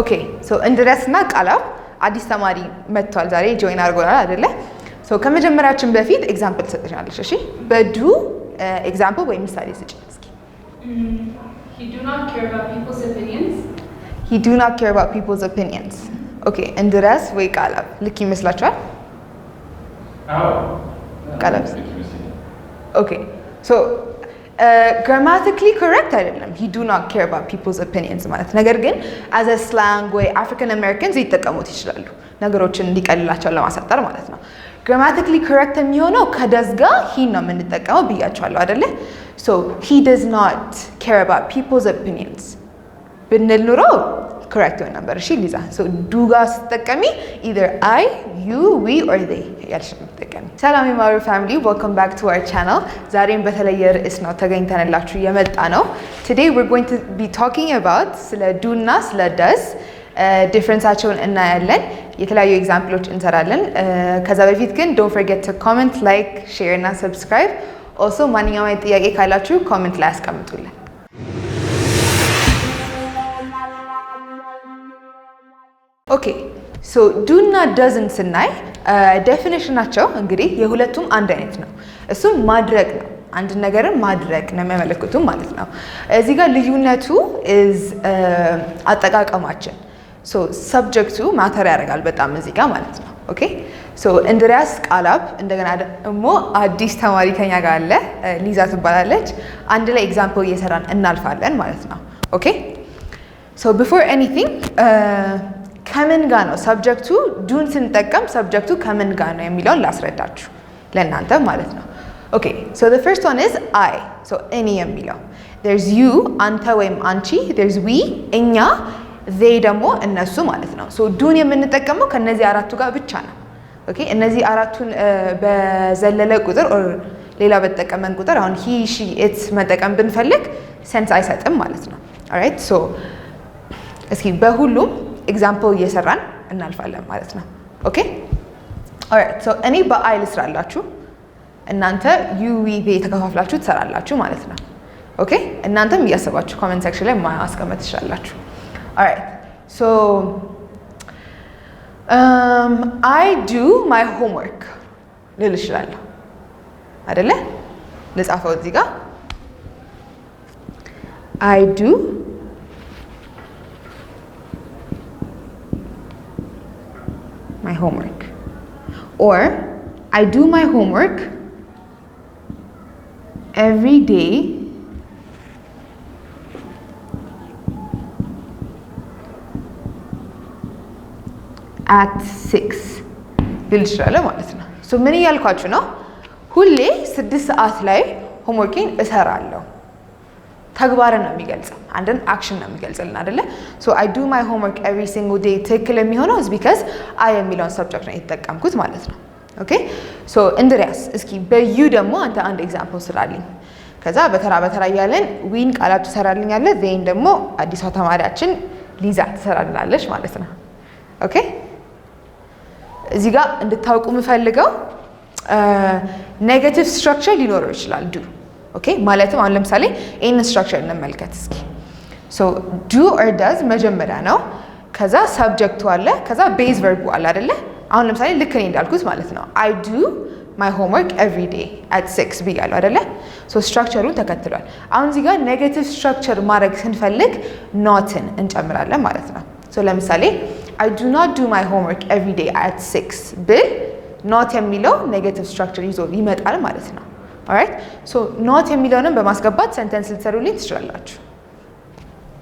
ኦኬ ሶ እንድረስና ቃላብ አዲስ ተማሪ መጥቷል ዛሬ ጆይን አድርጎናል አይደለ? ሶ ከመጀመሪያችን በፊት ኤግዛምፕል ትሰጥሻለሽ። እሺ በዱ ኤግዛምፕል ወይም ምሳሌ ስጪ እስኪ። ሂ ዱ ናት ኬር አባውት ፒፕልስ ኦፒኒየንስ። ኦኬ እንድረስ ወይ ቃላብ ልክ ይመስላችኋል? ቃላብ ኦኬ ሶ ግራማቲካሊ uh, ኮሬክት አይደለም። ሂ ዱ ናት ኬር አባት ፒፕልስ ኦፒኒየንስ ማለት ነገር ግን አዘ ስላንግ ወይ አፍሪካን አሜሪካንስ ሊጠቀሙት ይችላሉ ነገሮችን እንዲቀልላቸውን ለማሳጠር ማለት ነው። ግራማቲካሊ ኮረክት የሚሆነው ከደዝ ጋ ሂ ነው የምንጠቀመው ብያቸዋለሁ አይደለ? ሶ ሂ ደዝ ናት ኬር አባት ፒፕልስ ኦፒኒየንስ ብንል ኑሮ ኮሬክት ይሆን ነበር። እሺ ሊዛ ዱጋ ስትጠቀሚ ኢዘር አይ ዩ ዊ ኦር ዜይ ያልሽ ነው የምትጠቀሚ። ሰላም የማሩ ፋሚሊ ወልካም ባክ ቱ አወር ቻናል። ዛሬም በተለየ ርዕስ ነው ተገኝተንላችሁ የመጣ ነው። ቱዴይ ዊር ጎይንግ ቱ ቢ ቶኪንግ አባውት ስለ ዱ እና ስለ ደስ ዲፍረንሳቸውን uh, እናያለን። የተለያዩ ኤግዛምፕሎች እንሰራለን። uh, ከዛ በፊት ግን ዶንት ፎርጌት ቱ ኮመንት፣ ላይክ፣ ሼር እና ሰብስክራይብ ኦልሶ ማንኛውም ጥያቄ ካላችሁ ኮመንት ላይ አስቀምጡልን። ኦኬ ሶ ዱ እና ደዝን ስናይ ዴፊኒሽናቸው እንግዲህ የሁለቱም አንድ አይነት ነው። እሱም ማድረግ ነው። አንድ ነገርን ማድረግ ነው የሚያመለክቱም ማለት ነው። እዚህ ጋር ልዩነቱ ኢዝ አጠቃቀማችን። ሶ ሰብጀክቱ ማተር ያደርጋል በጣም እዚህ ጋር ማለት ነው። ኦኬ ሶ እንድሪያስ ቃላብ እንደገና ደግሞ አዲስ ተማሪ ከኛ ጋር አለ፣ ሊዛ ትባላለች። አንድ ላይ ኤግዛምፕል እየሰራን እናልፋለን ማለት ነው። ኦኬ ሶ ቢፎር ኤኒቲንግ ከምን ጋር ነው ሰብጀክቱ ዱን ስንጠቀም ሰብጀክቱ ከምን ጋር ነው የሚለውን ላስረዳችሁ ለእናንተ ማለት ነው። ኦኬ ሶ ዘ ፈርስት ዋን ኢዝ አይ ሶ እኔ የሚለው ዴርዝ ዩ አንተ ወይም አንቺ፣ ዴርዝ ዊ እኛ፣ ዜይ ደግሞ እነሱ ማለት ነው። ሶ ዱን የምንጠቀመው ከእነዚህ አራቱ ጋር ብቻ ነው። ኦኬ እነዚህ አራቱን በዘለለ ቁጥር ኦር ሌላ በተጠቀመን ቁጥር አሁን ሂ ሺ ኢት መጠቀም ብንፈልግ ሰንስ አይሰጥም ማለት ነው። ኦራይት ሶ እስኪ በሁሉም ኤግዛምፕል እየሰራን እናልፋለን ማለት ነው። ኦኬ ኦራይት ሶ እኔ በአይል ልስራላችሁ፣ እናንተ ዩዊ ቤ ተከፋፍላችሁ ትሰራላችሁ ማለት ነው። ኦኬ እናንተም እያሰባችሁ ኮመንት ሴክሽን ላይ ማስቀመጥ ትችላላችሁ። ኦራይት ሶ አይ ዱ ማይ ሆምወርክ ልል እችላለሁ አይደለ? ልጻፈው እዚህ ጋር አይ ዱ my homework. Or I do my homework every day at six. So many Who ነው ሁሌ ስድስት ሰዓት ላይ ሆምወርኬን እሰራለሁ ተግባርን ነው የሚገልጽ አንድን አክሽን ነው የሚገልጽልን አይደለ? ሶ አይ ዱ ማይ ሆምወርክ ኤቭሪ ሲንግል ዴይ ትክክል የሚሆነው ቢካዝ አይ የሚለውን ሰብጀክት ነው የተጠቀምኩት ማለት ነው። ኦኬ ሶ እንድሪያስ፣ እስኪ በዩ ደግሞ አንተ አንድ ኤግዛምፕል ስራልኝ። ከዛ በተራ በተራ እያለን ዊን ቃላት ትሰራልኛለህ፣ ዜን ደግሞ አዲሷ ተማሪያችን ሊዛ ትሰራልናለች ማለት ነው። ኦኬ እዚህ ጋር እንድታውቁ የምፈልገው ኔጋቲቭ uh, ስትራክቸር ሊኖረው ይችላል ዱ ኦኬ ማለትም አሁን ለምሳሌ ይህንን ስትራክቸር እንመልከት እስኪ። ሶ ዱ ኦር ዳዝ መጀመሪያ ነው። ከዛ ሰብጀክቱ አለ፣ ከዛ ቤዝ ቨርቡ አለ አይደለ? አሁን ለምሳሌ ልክ እኔ እንዳልኩት ማለት ነው አይ ዱ ማይ ሆምወርክ ኤቭሪ ዴይ አት ሲክስ ብያለሁ አይደለ? ሶ ስትራክቸሩን ተከትሏል። አሁን እዚህ ጋር ኔጌቲቭ ስትራክቸር ማድረግ ስንፈልግ ኖትን እንጨምራለን ማለት ነው። ሶ ለምሳሌ አይ ዱ ኖት ዱ ማይ ሆምወርክ ኤቭሪ ዴይ አት ሲክስ ብል ኖት የሚለው ኔጌቲቭ ስትራክቸር ይዞ ይመጣል ማለት ነው። alright? So not a but sentence የሚለውንም በማስገባት ሰንተንስ ልትሰሩልኝ ትችላላችሁ፣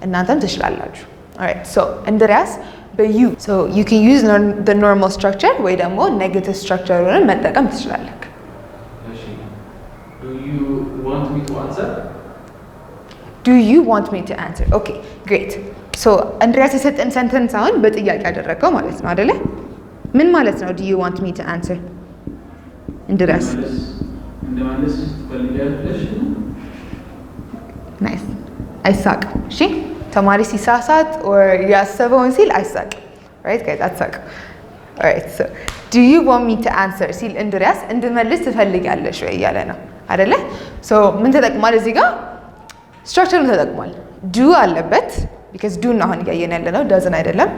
እናንተም ትችላላችሁ። alright? So in the እንድሪያስ you so you can use the normal structure ወይ ደግሞ negative structure one ሆነን መጠቀም ትችላለህ። Do you want me to answer? Do you want me to answer? Okay, great. So in the rest, sentence እንድሪያስ but ሰንተንስ አሁን በጥያቄ ያደረገው ማለት ነው አደለ? ምን ማለት ነው? Do you want me to answer? In the rest. እንደማለስ እሺ ተማሪ ሲሳሳት ያሰበውን ሲል አይሳቅም። ራይት ጋይስ አትሳቅም። ራይት ሶ ዱ ዩ ዋንት ሚ ቱ አንሰር ሲል እንድሪያስ እንድመልስ ትፈልጊያለሽ ወይ እያለ ነው አይደለ? ሶ ምን ተጠቅሟል እዚህ ጋር ስትራክቸሩን ተጠቅሟል። ዱ አለበት ቢካዝ ዱን አሁን እያየን ያለ ነው ዳዝን አይደለም።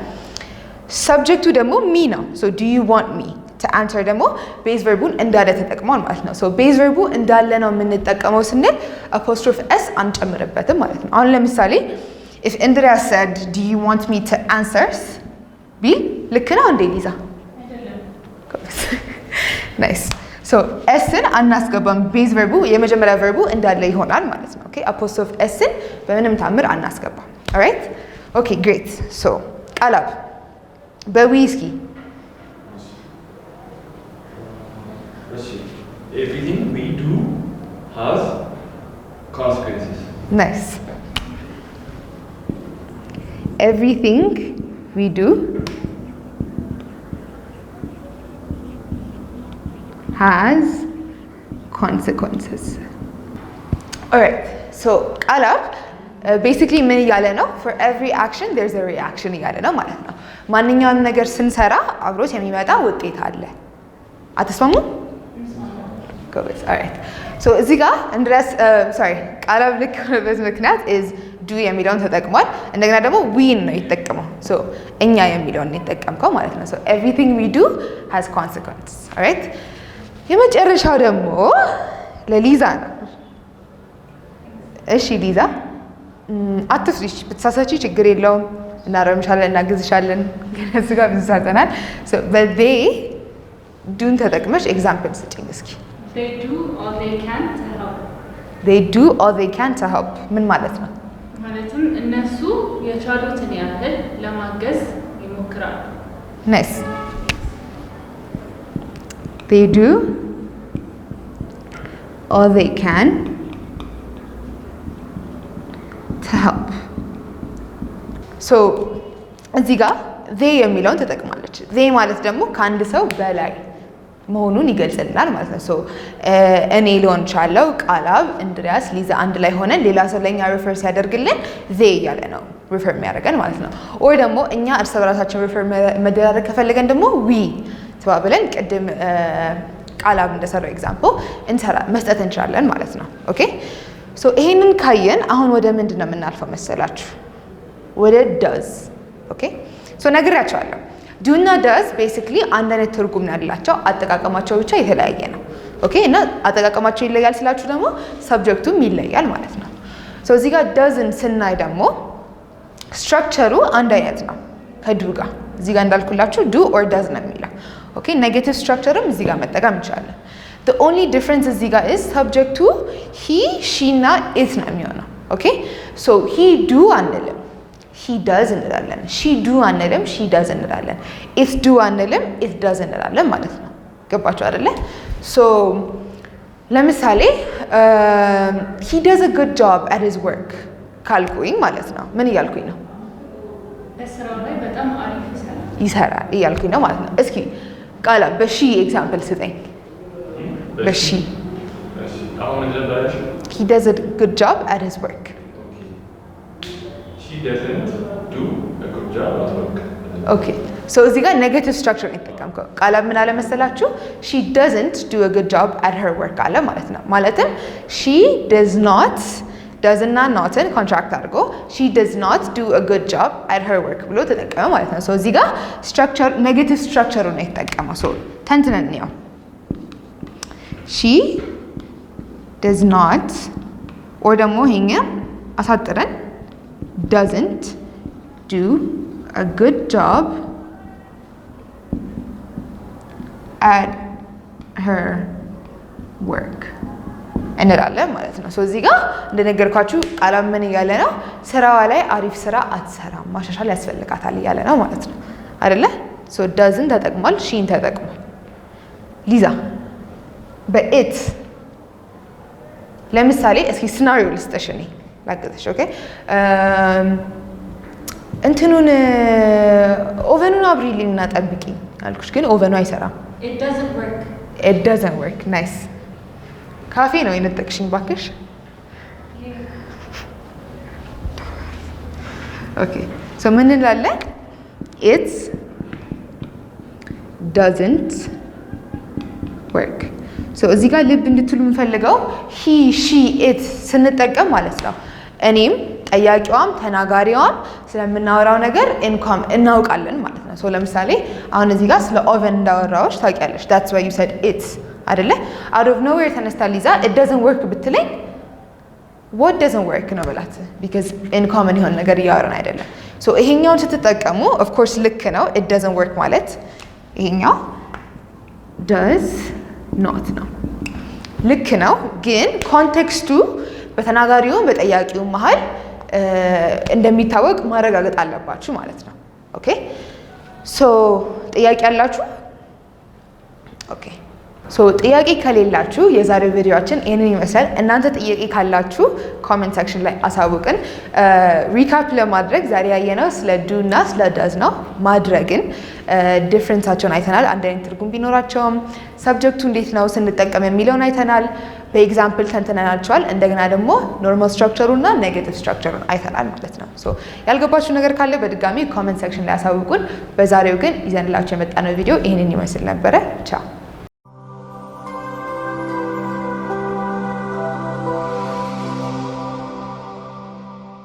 ሰብጀክቱ ደግሞ ሚ ነው። ዱ ዩ ዋንት ሚ አንሰር ደግሞ ቤዝ ቨርቡን እንዳለ ተጠቅሟል ማለት ነው። ቤዝ ቨርቡ እንዳለ ነው የምንጠቀመው ስንል አፖስትሮፍ ኤስ አንጨምርበትም ማለት ነው። አሁን ለምሳሌ ኢፍ ኢንድሪያ ሰድ ዱ ዩ ዋንት ሚ ቱ አንሰርስ ቢል ልክ ነው እንዴ ሊዛ? ናይስ ኤስን አናስገባም። ቤዝ ቨርቡ የመጀመሪያ ቨርቡ እንዳለ ይሆናል ማለት ነው። አፖስትሮፍ ኤስን በምንም ታምር አናስገባም። ኦራይት ኦኬ ግሬት ሶ ቃላብ በዊ Everything we do has consequences. Nice. Everything we do has consequences. Alright, so ቃል ቤሲክሊ uh, ምን እያለ ነው? ፎር ኤቭሪ አክሽን ዜር ኢዝ አ ሪአክሽን እያለ ነው ማለት ነው። ማንኛውም ነገር ስንሰራ አብሮት የሚመጣ ውጤት አለ። አትስማሙም? ጎበዝ አራይት እዚህ ጋር እንድረስ ሶሪ ቃላብ ልክ የሆነበት ምክንያት ኢዝ ዱ የሚለውን ተጠቅሟል። እንደገና ደግሞ ዊን ነው የተጠቀመው እኛ የሚለውን የተጠቀምከው ማለት ነው። ኤቭሪቲንግ ዊ ዱ ሃዝ ኮንሲኮንስ አራይት። የመጨረሻው ደግሞ ለሊዛ ነው። እሺ ሊዛ አትፍሪሽ፣ ብትሳሳቺ ችግር የለውም እናረምሻለን፣ እናግዝሻለን። ግን እዚህ ጋር ብዙ ሳጠናል በዴ ዱን ተጠቅመሽ ኤግዛምፕል ስጭኝ እስኪ They do or they can to help. They do or they can to help ምን ማለት ነው? ማለትም እነሱ የቻሉትን ያህል ለማገዝ ይሞክራሉ። they do or they can to help so እዚህ ጋር they የሚለውን ትጠቅማለች። they ማለት ደግሞ ከአንድ ሰው በላይ መሆኑን ይገልጽልናል ማለት ነው። eh, እኔ ሊሆን ቻለው ቃላብ፣ እንድሪያስ፣ ሊዛ አንድ ላይ ሆነን ሌላ ሰው ለኛ ሪፈር ሲያደርግልን ዜ እያለ ነው ሪፈር የሚያደርገን ማለት ነው። ወይ ደግሞ እኛ እርስ በራሳችን ሪፈር መደራረግ ከፈለገን ደግሞ ዊ ተባብለን ቅድም eh, ቃላብ እንደሰራው ኤግዛምፕል መስጠት እንችላለን ማለት ነው። ኦኬ ሶ ይሄንን ካየን አሁን ወደ ምንድን ነው የምናልፈው መሰላችሁ? ወደ ዳዝ ኦኬ ሶ ነግሬያቸዋለሁ ዱና ደዝ ቤሲክሊ አንድ አይነት ትርጉም ያላቸው፣ አጠቃቀማቸው ብቻ የተለያየ ነው። ኦኬ እና አጠቃቀማቸው ይለያል ስላችሁ ደግሞ ሰብጀክቱም ይለያል ማለት ነው። ሶ እዚህ ጋር ደዝን ስናይ ደግሞ ስትራክቸሩ አንድ አይነት ነው ከዱ ጋር። እዚህ ጋር እንዳልኩላችሁ ዱ ኦር ደዝ ነው የሚለው። ኦኬ ኔጌቲቭ ስትራክቸርም እዚህ ጋር መጠቀም እንችላለን። ዘ ኦንሊ ዲፍረንስ እዚህ ጋር ኢዝ ሰብጀክቱ ሂ ሺ እና ኢት ነው የሚሆነው። ኦኬ ሶ ሂ ዱ አንልም ሂ ዳዝ እንላለን። ሺ ዱ አንልም፣ ሺ ዳዝ እንላለን። ኢት ዱ አንልም፣ ኢት ዳዝ እንላለን ማለት ነው። ገባችሁ አይደለ? ሶ ለምሳሌ ሂ ዳዝ አ ጉድ ጆብ አት ሂዝ ወርክ ካልኩኝ ማለት ነው ምን እያልኩኝ ነው? ይሰራል እያልኩኝ ነው ማለት ነው። እስኪ ቃላ በሺ ኤግዛምፕል ስጠኝ። በሺ ሂ ዳዝ አ ጉድ ጆብ አት ሂዝ ወርክ ኦኬ ሶ እዚህ ጋር ኔጌቲቭ ስትራክቸር ነው የተጠቀምከው። ቃለ ምን አለ መሰላችሁ? ሺ ደዝንት ዱ አ ጉድ ጆብ አት ሄር ወርክ አለ ማለት ነው። ማለትም ሺ ደዝ ኖት ደዝና ኖትን ኮንትራክት አድርጎ ሺ ደዝ ኖት ዱ አ ጉድ ጆብ አት ሄር ወርክ ብሎ ተጠቀመ ማለት ነው። ሶ እዚህ ጋር ስትራክቸር ኔጌቲቭ ስትራክቸሩ ነው የተጠቀመው። ሶ ተንትነን እንየው። ሺ ደዝ ኖት ኦር ደግሞ አሳጥረን doesn't do a good job at her work እንላለን ማለት ነው። እዚህ ጋር እንደነገርኳችሁ ቃላት እያለ ነው? ስራዋ ላይ አሪፍ ስራ አትሰራም፣ ማሻሻል ያስፈልጋታል እያለ ነው ማለት ነው አይደለ? ዳዝን ተጠቅሟል፣ ሺን ተጠቅሟል። ሊዛ በኤት ለምሳሌ እስኪ ስናሪዮ ልስጠሽ እኔ ላገዘሽ። ኦኬ እንትኑን ኦቨኑን አብሪልኝ እና ጠብቂ አልኩሽ፣ ግን ኦቨኑ አይሰራም። ኢት ዶዝንት ወርክ። ናይስ ካፌ ነው የነጠቅሽኝ ባክሽ። ኦኬ ሶ ምን እንላለን? ኢትስ ዶዝንት ወርክ። እዚህ ጋር ልብ እንድትሉ የምንፈልገው ሂ ሺ ኢት ስንጠቀም ማለት ነው እኔም ጠያቂዋም ተናጋሪዋም ስለምናወራው ነገር ኢንካም እናውቃለን ማለት ነው። ለምሳሌ አሁን እዚህ ጋር ስለ ኦቨን እንዳወራዎች ታውቂያለሽ። ዳትስ ዋይ ዩ ሰድ ኢትስ አይደለ? አውት ኦፍ ኖዌር ተነስታ ሊዛ ኢት ዶዝንት ወርክ ብትለኝ ወት ዶዝንት ወርክ ነው ብላት፣ ቢካዝ ኢንካምን የሆነ ነገር እያወራን አይደለም። ሶ ይሄኛውን ስትጠቀሙ ኦፍኮርስ ልክ ነው። ኢት ዶዝንት ወርክ ማለት ይሄኛው ደዝ ኖት ነው፣ ልክ ነው። ግን ኮንቴክስቱ በተናጋሪውም በጠያቂውም መሀል እንደሚታወቅ ማረጋገጥ አለባችሁ ማለት ነው። ኦኬ ሶ ጥያቄ አላችሁ? ኦኬ ሶ ጥያቄ ከሌላችሁ የዛሬው ቪዲዮአችን ይህንን ይመስላል። እናንተ ጥያቄ ካላችሁ ኮሜንት ሴክሽን ላይ አሳውቅን። ሪካፕ ለማድረግ ዛሬ ያየነው ስለ ዱ እና ስለ ዳዝ ነው። ማድረግን ዲፍረንሳቸውን አይተናል። አንድ አይነት ትርጉም ቢኖራቸውም ሰብጀክቱ እንዴት ነው ስንጠቀም የሚለውን አይተናል። በኤግዛምፕል ተንትነናቸዋል። እንደገና ደግሞ ኖርማል ስትራክቸሩና ኔጌቲቭ ስትራክቸሩን አይተናል ማለት ነው። ሶ ያልገባችሁ ነገር ካለ በድጋሚ ኮመንት ሴክሽን ላይ ያሳውቁን። በዛሬው ግን ይዘንላቸው የመጣነው ቪዲዮ ይህንን ይመስል ነበረ። ቻው